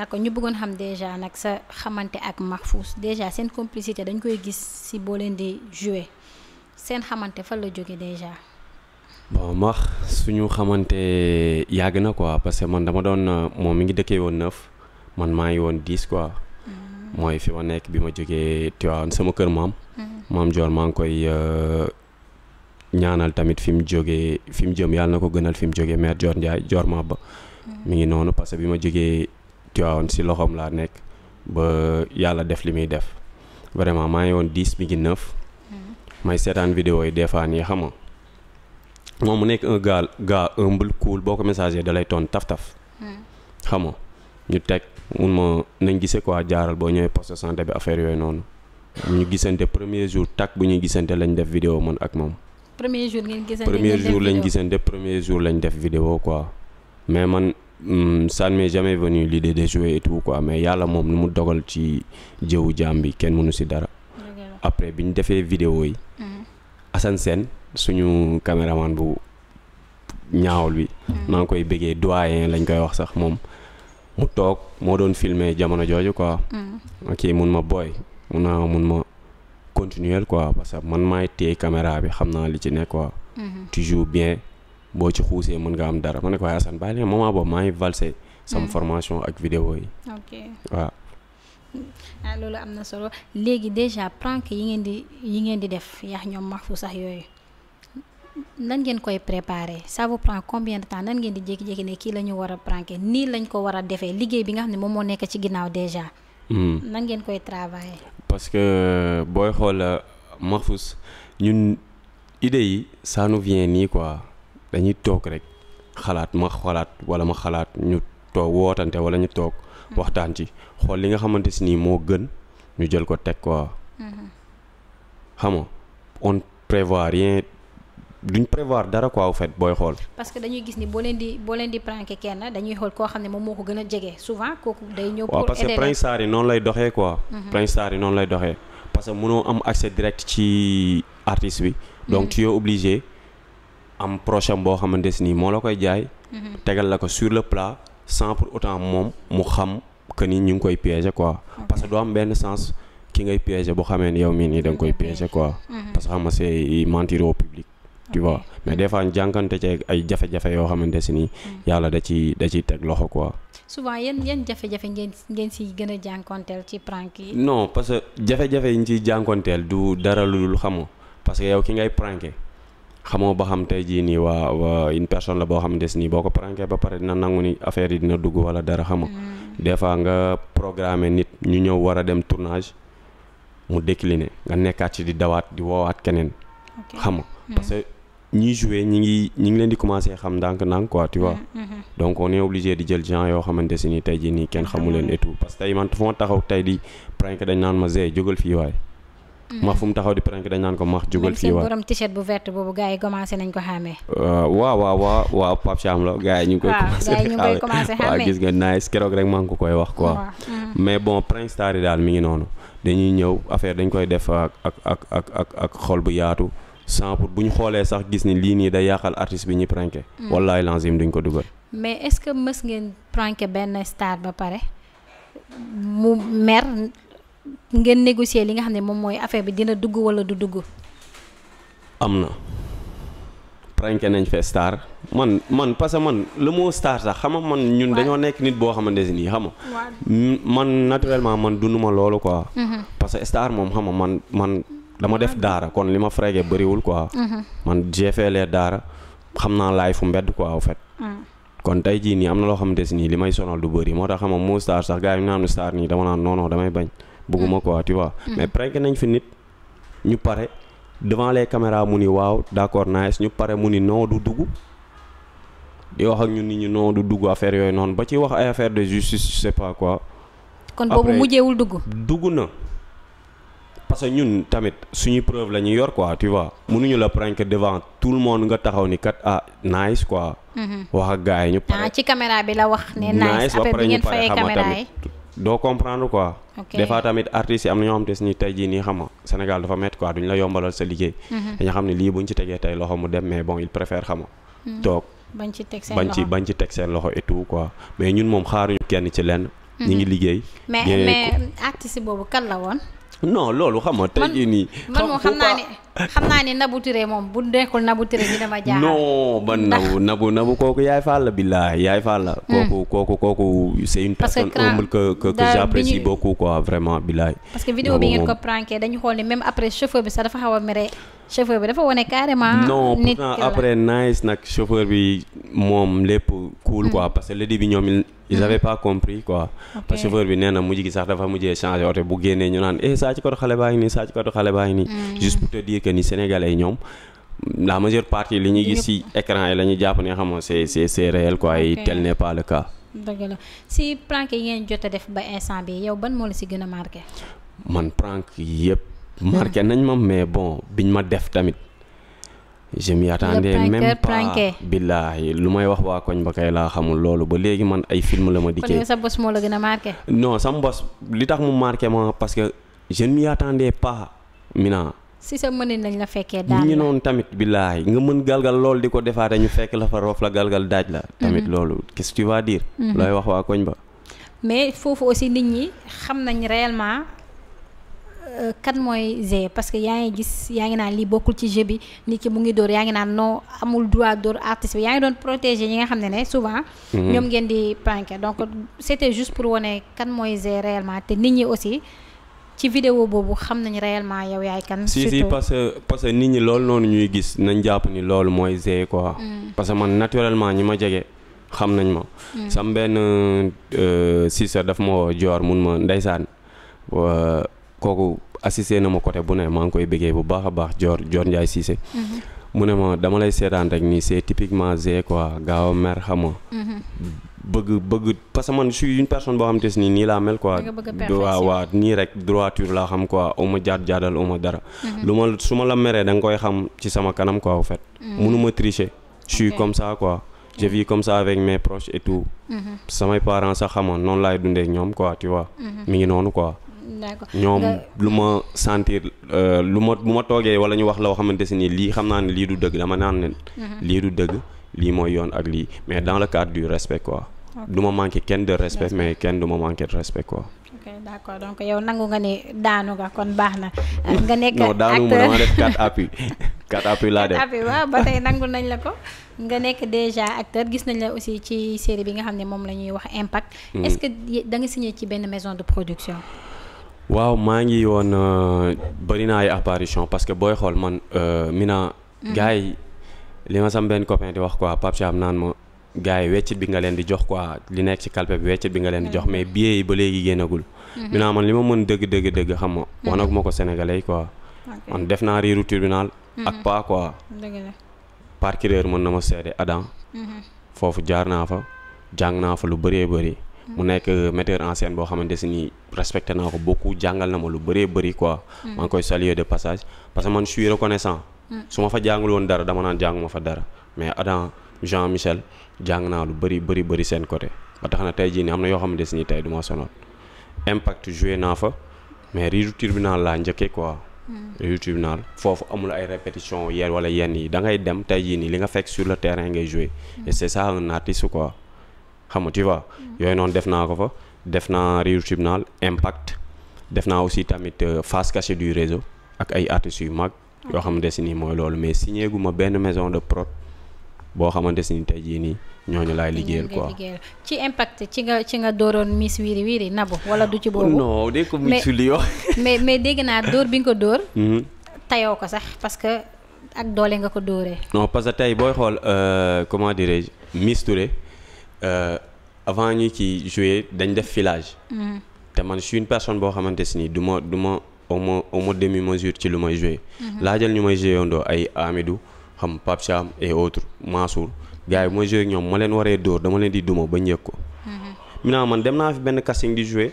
d'accord ñu bëggoon xam déjà nag sa xamante ak Mahfouss déjà seen complicité dañ koy gis si boo leen di jouer seen xamante fan la jóge déjà. boo max suñu xamante yàgg na quoi parce que man dama doon moom mi ngi dëkkee woon neuf man maa ngi woon dix quoi. Mm. mooy fi ma nekk bi ma jógee Tivaouane sama kër maam. Mm. maam Dior maa ngi koy euh, ñaanal tamit fi mu jógee fi mu jëm yàlla na ko gënal fi mu jógee mère Dior Ndiaye Dior Maba. Mm. ngi noonu parce bi ma jógee Tiwaawan si loxoom laa nekk ba yàlla def li muy def vraiment maa ngi woon dix mi ngi neuf mm-hmm. may seetaan vidéo yi des fois nii xam nga moom mu nekk un gars gaa humble cool boo ko messager da lay toon taf-taf mm-hmm. xam nga ñu teg mun ma nañ gisee quoi jaaral boo ñëwee poste santé bi affaire yooyu noonu ñu gisante premier jour tak bu ñuy gisante lañ def vidéo man ak moom premier jour ngeen gisante premier jour lañ gisante premier jour lañ def vidéo quoi mais man Hmm, ça ne m'est jamais venu l'idée de jouer et tout quoi mais yàlla moom lu mu dogal ci jëwu jaam bi kenn mënu si dara. après bi ñu defee vidéo yi. Mm-hmm. Assane Sène suñu caméraman bu ñaawul bi. naa mm-hmm. ngi koy bëggee doyen lañ koy wax sax moom mu toog moo doon filmer jamono jooju quoi. Mm-hmm. ok mun ma booy mun naa mun ma continuer quoi parce que man maay téye caméra bi xam naa li ci nekk quoi. toujours bien. boo ci xuusee mën nga am dara ma ne ko waaye Assane bàyyi leen moment boobu maa ngi valsé sama hmm. formation ak vidéo yi ok waaw ah, loolu am na solo léegi déjà prank yi ngeen di yi ngeen di def yaax ñoom maxfu sax yooyu nan ngeen koy préparer ça vous prend combien de nan ngeen di jékki-jékki ne kii la ñu war a pranké nii lañ ko war a defee liggéey bi nga xam ne moom moo nekk ci ginnaaw déjà hmm. nan ngeen koy travailler parce que euh, booy xool euh, Mahfous ñun idée yi ça nous nii quoi dañuy toog rek xalaat ma xalaat wala ma xalaat ñu toog wootante wala ñu toog mhm. waxtaan ci xool li nga xamante si nii moo gën ñu jël ko teg quoi mhm. xam nga on prévoit rien duñ prévoir dara ko au fait booy xool. parce que dañuy gis ni boo leen di boo leen di pranké kenn dañuy xool koo xam ne moom moo ko gën a jege souvent kooku day ñëw. pour aider waaw parce que prank saar yi noonu lay doxee quoi. prank saar yi noonu lay doxee. parce que mënoo am accès direct ci artiste bi. donc mhm. tu obligé am prochain boo xamante si nii moo la koy jaay. Mhm. tegal la ko sur le plat sans pour autant moom mu xam que ni ñu ngi koy piéger quoi. parce que doo am benn sens ki ngay piéger boo xamee ni yow mii nii da nga koy piéger quoi. Mhm. parce que xam nga c'est mentir au public. tu vois mais des fois ci ay jafe-jafe yoo xamante si nii mhm. yàlla da ci da ciy teg loxo quoi. souvent yéen yéen jafe-jafe ngeen si siy gën a jànkonteel ci prank yi. non parce que jafe-jafe yi ñu ciy jànkonteel du dara lu dul xam parce que yow ki ngay pranké. xamoo ba xam tey jii nii waa waa une personne la boo xamante ni boo ko pranké ba pare dina nangu ni affaire yi dina dugg wala dara xam nga mm. des fois nga programmé nit ñu ñëw war a dem tournage mu décliné nga nekkaat ci di dawaat di woowaat keneen. xam nga mm. parce que ñiy joué ñi ngi ñi ngi leen di commencé xam ndànk-ndànk quoi tu vois. Mm, mm-hmm. donc on est obligé di jël gens yoo xamante si ni tey jii nii kenn xamu leen ah. et tout parce que tey man fu ma taxaw tey di pranké dañ naan ma zee jógal fii Mm. max fu mu taxaw di prank dañ naan ko max jugal fii waa bu ko xàmmee euh, waaw waaw waaw waaw Pape la gars yi ñu ngi koy commencé waaw gis nga nice keroog rek maa ngi ko koy wax ko mm. mais bon Prince Star daal mi ngi noonu dañuy ñëw affaire dañ koy def ak ak ak ak ak xol bu yaatu sans pour bu ñu xoolee sax gis ni lii nii day yàqal artiste bi ñu pranké mm. wallaay lanzim duñ ko dugal mais est-ce que mës ngeen pranké benn star ba pare mu mer ngeen négocier li nga xam ne moom mooy affaire bi dina dugg wala du dugg. am na. pranké nañ fee star man man parce que man le mot star sax xam man ñun dañoo nekk nit boo xamante ne nii xam man naturellement man dunduma loolu quoi. Mm-hmm. que star moom xam nga man man dama def daara kon li ma frége bëriwul quoi. Mm-hmm. man j'ai daara xam naa laay fu mbedd quoi en fait. Mm. am na loo xamante ne nii li may sonal du bëri moo tax xam nga star sax gars yi ñu naan star nii dama naan non damay bañ. bëgguma mm. quoi tu vois. Mm. mais prank nañ fi nit ñu pare devant les caméras mu ni waaw d'accord nice ñu pare mu ni non du dugg. di wax ak ñun nit ñi non du dugg affaire yooyu noonu ba ci wax ay affaire de justice je sais pas quoi. kon boobu mujjeewul dugg. dugg na parce que ñun tamit suñu preuve la ñu yor quoi tu vois mënuñu la prank devant tout le monde nga taxaw ni kat ah mm-hmm. wax ak gars ñu pare. Ah, ci caméra bi la wax ne nice après bi ngeen fayee caméra yi doo comprendre quoi. des fois tamit artistes yi am na ñoo xam te ni tey jii nii xam nga Sénégal dafa métti quoi duñ la yombalal sa liggéey. Mhm. dañu xam ne lii buñ ci tegee tey loxo mu dem mais bon il préfère xam mhm. toog bañ ci teg ci bañ ci teg seen loxo et tout mais ñun moom xaaruñu kenn ci lenn. Mhm. ñu ngi liggéey. mais mais artiste boobu kan la woon. non loolu xam tey jii nii. man moom xam naa ne xam naa ne Nabou Touré moom bu nekkul Nabou Touré dina ma jaaxal. non man Nabou Nabou Nabou kooku yaay Fall la billaay yaay Fall la. Hmm. kooku kooku kooku c'est une personne humble que que que j'apprécie beaucoup quoi vraiment billaay. parce que vidéo bi ngeen ko pranké dañu xool ne même après chauffeur sax dafa a mere chauffeur bi dafa wane carrément. non bi moom lépp cool quoi hmm. parce que le début ñoom ils hmm. avaient que chauffeur bi nee na mujj gi sax dafa mujjee changé oto bu génnee ñu naan eh saa ci kottu xale baa ngi nii saa ci kottu xale baa ngi nii. dire que ni sénégalais ñoom la majeure partie li ñuy gis ci écran yi la ñuy jàpp ne xam nga c'est c'est si prank yi ngeen jot a def ba instant bi yow ban moo la si gën a marqué. man prank yëpp. marqué nañ ma mais bon biñ ma def tamit. je m'y attendais même pas billaahi lu may wax waa koñ ba kay laa xamul loolu ba léegi man ay film la ma dikkee. kon sa bos moo la gën a marqué. non sa bos li tax mu marqué ma parce que je ne m'y attendais pas mina si sa mënin lañ la fekkee daal ñu noonu tamit billaahi nga mën galgal loolu di ko defaate ñu fekk la fa roof la galgal daaj la mhm. tamit loolu qu'est-ce que tu vas dire mhm. looy wax waa koñ ba mais foofu aussi nit ñi xam nañ réellement euh, kan mooy Zé parce que yaa ngi gis yaa ngi naan lii bokkul ci jeu bi nit ki mu ngi dóor yaa ngi naan non amul droit dóor artiste bi yaa ngi doon protéger ñi nga xam ne ne souvent mhm. ñoom ngeen di panke donc c'était juste pour wane kan mooy Zé te nit ñi aussi ci vidéo boobu xam nañ réellement yow yaay kan. surtout si si parce que nit ñi loolu noonu ñuy gis nañ jàpp ni loolu mooy Zé quoi. Mm. parce que man naturellement ñi ma jege xam nañ ma. Mm. sam benn euh, sister daf ma joor mun ma ndeysaan kooku assisté na ma côté bu ne maa ngi koy bëggee bu baax a baax joor joor Ndiaye Cissé. Mm-hmm. mu ne ma dama lay seetaan rek nii c'est typiquement Zé quoi gaaw a mer xam bëgg bëgg parce que man je suis une personne boo xamante ne nii laa mel quoi. waa waaw nii rek droiture laa xam quoi aw ma jaad jaadal aw ma dara. Mhm. lu ma su ma la meree da nga koy xam ci sama kanam quoi au fait. mënuma mhm. tricher. je comme saa koi je vis comme ça avec mais proches et tout. Mhm. samay parents sax xamoon noonu laay dundee ñoom quoi tu vois. mi ngi noonu quoi. ñoom lu ma sentir euh, lu ma bu ma toogee wala ñu wax la loo xamante ne nii lii xam naa ne lii du dëgg dama naan leen. lii du dëgg. lii mooy yoon ak lii mais dans le cadre du respect quoi. du ma kenn de respect mais kenn du ma manqué de respect quoi. ok donc yow nangu nga ne daanu nga kon baax na. Euh, nga nekk acteur non daanu mu dama def quatre appuis quatre appuis laa def. waaw ba tey nangu nañ la ko. nga nekk déjà acteur gis nañ la aussi ci série bi nga xam ne moom la ñuy wax impact. Hmm. est-ce que ci benn maison de production. waaw maa ngi woon euh, bëri na apparition parce que booy xool man euh, Mina. Hmm. gars yi. li ma sam benn copain di wax quoi Pape Thiam naan ma gars yi weccit bi nga leen di jox quoi li nekk ci calpe bi weccit bi nga leen di jox mais bi yi ba léegi génnagul. dinaa mhm. man li ma mën dëgg dëgg dëgg xam nga. Mhm. wanag ma ko sénégalais quoi. man def naa riiru tribunal. Mhm. ak pas quoi. mën na ma seede Adam. foofu jaar naa fa jàng naa fa lu bëree bëri. mu nekk euh, metteur en boo xamante ne nii respecté naa ko beaucoup jàngal na ma lu bëree bëri quoi. maa ngi koy saluer de passage parce que man je suis reconnaissant. su ma fa jàngul dara dama naan ma fa dara mais Adam Jean Michel jàng naa lu bari bëri bëri seen côté ba tax na tey jii nii am na yoo xam ne des nii tey du ma sonal impact joué naa fa mais riiru tribunal laa njëkkee quoi. Hmm. riiru tribunal foofu amul ay répétition yenn wala yenn yi da ngay dem tey jii nii li nga fekk sur le terrain ngay joué. Hmm. et ça un artiste quoi xam nga tu vois. Hmm. yooyu noonu def naa ko fa def naa riiru tribunal impact def naa aussi tamit euh, face cachée du réseau ak ay artistes yu mag. yoo xamante si ni mooy loolu mais signé gu ma benn maison de prod boo xamante si ni tey jii nii ñooñu laay liggéeyal quoi. ci impact ci nga ci nga dooroon Miss Wiri Wiri Nabou wala du ci oh boobu. non mais mais dégg naa dóor bi nga ko dóor. Mm-hmm. tayoo ko sax parce que ak doole nga ko dóoree. non parce que tey booy xool euh, comment dirais-je Miss Touré euh, avant ñu ci jouer dañ def filage. Mm-hmm. te man une personne boo xamante si ni du au moins au moins demi mesure ci lu may joué. Mhm. laajal ñu may joué yondoo ay Amidou xam Pape Cham et autres Mansour gars yi mooy joué ak ñoom ma leen waree dóor dama leen di duma ba njëkk ko. Mhm. maintenant man dem naa fi benn casting di joué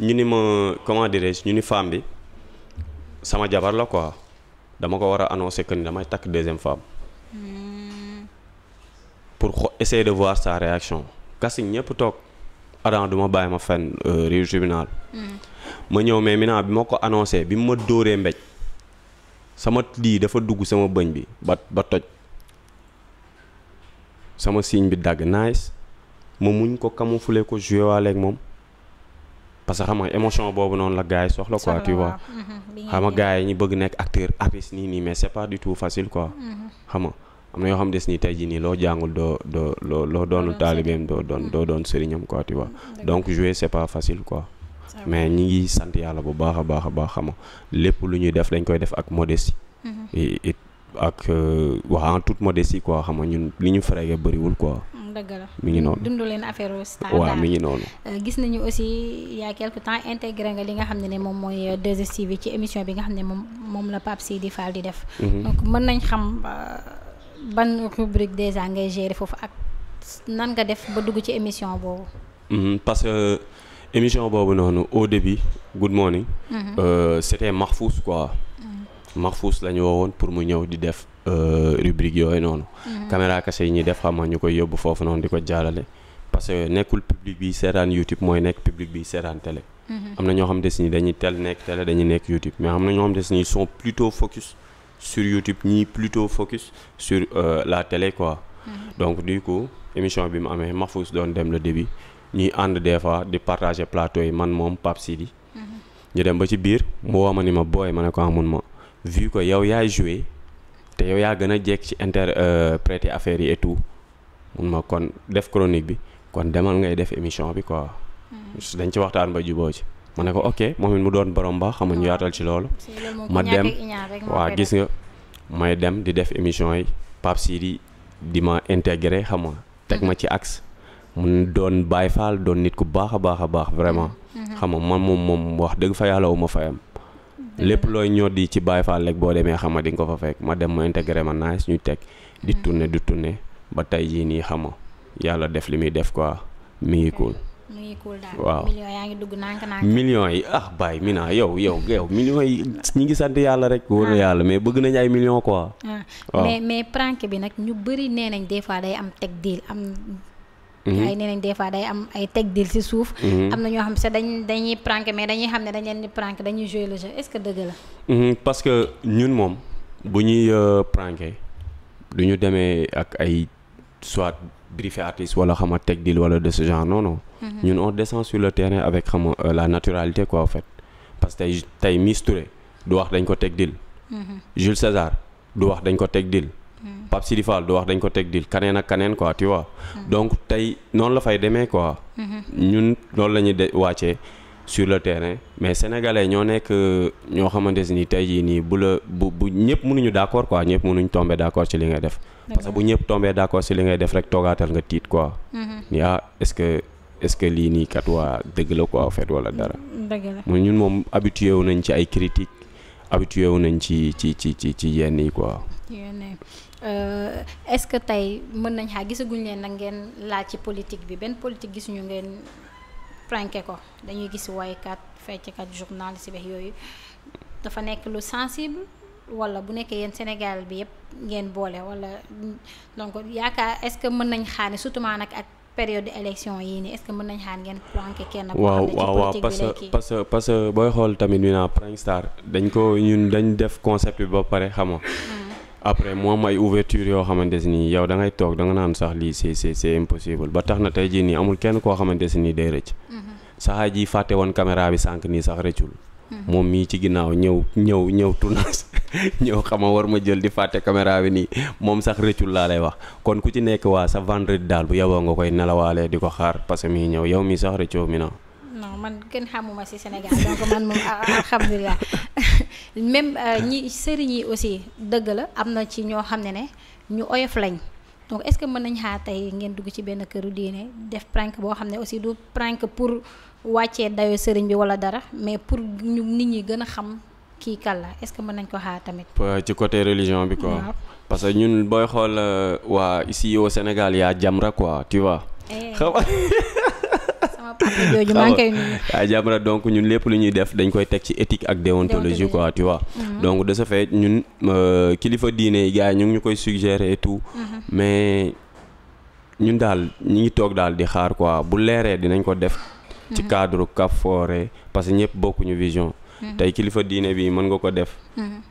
ñu ni ma comment dirais-je ñu ni femme bi sama jabar la quoi dama ko war a annoncer que ni damay takk deuxième femme. Mhm. pour essayer de voir sa réaction casting ñëpp toog. Adam du ma bàyyi ma fenn euh, réew tribunal mm. ma ñëw mais Mina bi ma ko annoncé bi mu ma dóoree mbéj sama lii dafa dugg sama bëñ bi ba ba toj sama signe bi dagg nice ma muñ ko camoufler ko joué moom parce que xam nga émotion boobu noonu la gars yi soxla quoi tu vois mm-hmm. xam nga yi ñu bëgg nekk acteur apis nii nii mais c'est pas du tout facile quoi mm-hmm. xam am na yoo xam des ni tey jii nii loo jàngul doo doo loo loo doonul taalibeem doo doon doo doon sëriñam quoi tu vois mm, donc jouer c'est pas facile quoi mais ñi ngi sant yàlla bu baax a baax a baax xam lépp lu ñuy def dañ koy def ak modestie it mm-hmm. ak euh, wax en toute modestie ñun li ñu frége bëriwul quoi mm, dëgg la mi ngi noonu dundu leen affaire star waaw mi ngi euh, gis nañu aussi il a quelque temps intégré nga li nga xam ne ne moom mooy 2STV euh, ci émission bi nga xam ne moom moom la Pape Sidi Fall di def mm-hmm. donc mën nañ xam ban rubrique déjà ngay gérer foofu ak nan nga def ba dugg ci émission boobu. Mhm, parce que émission boobu noonu au début Good Morning. e c'était Mahfous quoi. Mhm. Mahfous la ñu woowoon pour mu ñëw di def euh, rubrique yooyu noonu. caméra cachée yi ñuy def xam ñu koy yóbbu foofu noonu di ko jaalale. parce que nekkul public bi seetaan YouTube mooy nekk public bi seetaan télé. am na ñoo xam des ni dañuy tel nekk télé dañuy nekk YouTube mais am na ñoo xam des ni ils sont plutôt sur YouTube ñii plutôt focus sur euh, la télé quoi. Mm-hmm. donc du ko émission bi mu amee Mahfouz doon dem le début ñuy ànd des fois di partager plateau yi man moom Pape Sidi. Mm-hmm. ñu dem ba ci biir mu woo ma ni ma booy ma ne ko amoon ah, ma vu ko yow yaay joué te yow yaa gën a jekk ci interpréter euh, affaire yi et tout mun ma kon def chronique bi kon demal ngay def émission bi quoi. Mm-hmm. dañ ci waxtaan ba juboo ci. ma ne ko ok moom it mu doon borom baax xam nga ah, ñu yaatal ci loolu. ma dem waaw gis nga may dem di def émission yi Pape Sidi di ma intégré xam teg ma mhm. ci axe mu doon Baye Fall doon nit ku baax a baax a baax vraiment. Mhm. Mhm. xam ma moom moom wax dëgg fa yàlla wu ma fayam. lépp looy ñoo di ci Baye Fall rek boo demee xam nga di nga ko fa fekk ma dem mu intégré ma nice ñu teg. di tourné di tourné ba tey jii nii xam nga yàlla def li muy def quoi mi ngi mu ngi waaw millions yaa ngi dugg nànk nànk million yi ah Baye Mina yow yow yow millions yi ñi ngi sant yàlla rek. wóor na ah. yàlla mais bëgg nañ ay millions quoi. Ah. mais mais prank bi nag ñu bëri nee nañ des fois day am teg deal am. Mhm. ay nee nañ des fois day am ay teg deal si suuf. Mhm. am na ñoo xam sax dañ dañuy prank mais dañuy xam ne dañ leen di prank dañuy jouer le jeu est que dëgg la. Mhm, parce que ñun moom bu ñuy euh, pranké du ñu demee ak ay soit. griffer artiste wala xam nga teg deal wala de ce genre non non. Mhm. ñun on descend sur le terrain avec xam euh, la naturalité quoi en fait tey tey du wax dañ ko teg deal. Mhm. Jules César du wax dañ ko teg deal. Mhm. Pape Sidi du wax dañ ko teg deal kaneen ak kaneen quoi tu donc tey noonu la fay demee quoi. ñun loolu la ñuy sur le terrain mais sénégalais ñoo nekk ñoo xamante ni tey jii nii bu la bu bu ñëpp mënuñu d'accord quoi ñëpp mënuñu tomber d'accord ci li ngay def. parce que bu ñëpp tomber d'accord ci li ngay def rek toogaatal nga tiit quoi. Mm-hmm. ni ah est lii nii kat waa dëgg la quoi en fait dara. dëgg ñun moom habitué nañ ci ay critiques habitué nañ ci ci ci ci ci yenn euh, tey mën nañ xaa gisaguñ leen nag ngeen laaj ci politique bi benn politique gisuñu ngeen. pranké ko dañuy gis woykat fecckat journaliste beex yooyu dafa nekk lu sensible wala bu nekkee yéen Sénégal bi yëpp ngeen boole wala donc yaakaar est-ce que mën nañ xaar ne surtout nag ak période élection yii nii est-ce que mën nañ xaar ngeen planqué kenn. waaw waaw waaw parce que parce que parce que booy xool tamit ñu naa Prank Star dañ ko ñun dañ def concept bi ba pare xam après moom ay ouverture yoo xamante ni yow da ngay toog da nga naan sax lii c'est c'est c'est impossible ba tax na tey jii nii amul kenn koo xamante ni day rëcc. Mm-hmm. saxaay ji fàtte woon caméra bi sànq nii sax rëccul. Mm-hmm. moom ñëw ñëw ñëw tournage ñëw xama war ma jël di fàtte caméra bi nii moom sax rëccul laa lay wax kon ku ci nekk waa sa vendredi daal bu yaboo nga koy nelawaalee di ko xaar parce que mii ñëw yow mii sax rëccoo mi na man kenn xamuma ci Sénégal donc man moom alhamdulilah même euh, ñi sëriñ yi aussi dëgg la am na ci ñoo xam ne ne ñu oyof lañ donc est-ce que mën nañ xaa tey ngeen dugg ci benn këru diine def prank boo xam ne aussi du prank pour wàccee dayo sëriñ bi walla dara mais pour ñu nit ñi gën a xam kii kan la est-ce que mën nañ ko xaa tamit. Euh, ci côté religion bi quoi. parce que ñun booy xool euh, waa ici au Sénégal y a Jamra quoi tu vois. Eh. sama papa jooju maa donc ñun lépp lu ñuy def dañ koy teg ci éthique ak déontologie quoi tu vois mm-hmm. de ce fait ñun euh, kilifa diine yi gars ñu ngi ñu koy suggérer tout mm-hmm. mais ñun daal ñu ngi toog daal di xaar quoi bu leeree dinañ ko def ci mm-hmm. cadre Cap Foire parce que ñëpp bokkuñu vision tey kilifa diine bii mën nga ko def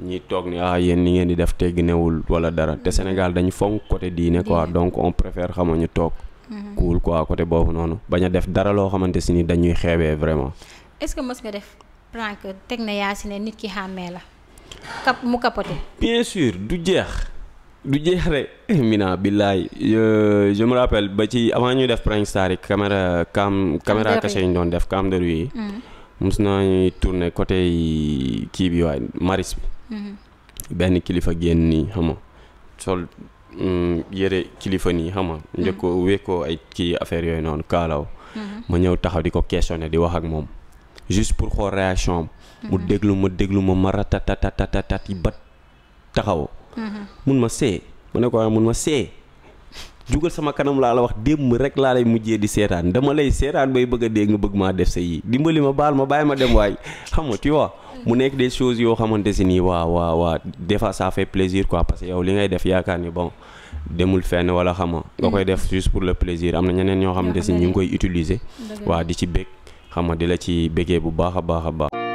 ñi toog ni ah yéen ni ngeen di def tegginewul wala dara te Sénégal dañu fonk côté diine quoi donc on préfère xama ñu toog Mhm. cool quoi côté boobu noonu bañ a def dara loo xamante si ni dañuy xeebee vraiment. est-ce que mës nga def prank teg na yaa ne nit ki xàmmee la kap mu capoté. bien sûr du jeex. du jeex rek mina billaay je me ba ci avant ñu def prank star yi caméra cam caméra cachée ñu doon def cam de rue yi mos mhm. nañuy tourner côté kii bi waaye maris bi mhm. benn kilifa génn nii xam sol Mm, yëre kilifa nii xam nga njëkk mhm. wékkoo ay kii affaire yooyu noonu kaalaw mhm. ma ñëw taxaw di ko questionné di wax ak moom juste pour xool réaction am mu mhm. déglu ma déglu ma ma ratatatatatati ba taxaw mun ma see ma ne ko mun ma see jugal sama kanam laa la wax démb rek laa lay mujjee di seetaan dama lay seetaan bay bëgg a dee nga bëgg maa def sa yii dimbali ma baal ma bàyyi ma dem waay xam nga tu vois mu nekk des choses yoo xamante si nii waa waa waa des fois ça fait plaisir quoi parce que yow li ngay def yaakaar ni bon demul fenn wala xam nga koy def juste pour le plaisir am na ñeneen ñoo xamante si ñu ngi koy utiliser waa di ci bëgg xam nga di la ci bëggee bu baax a baax a baax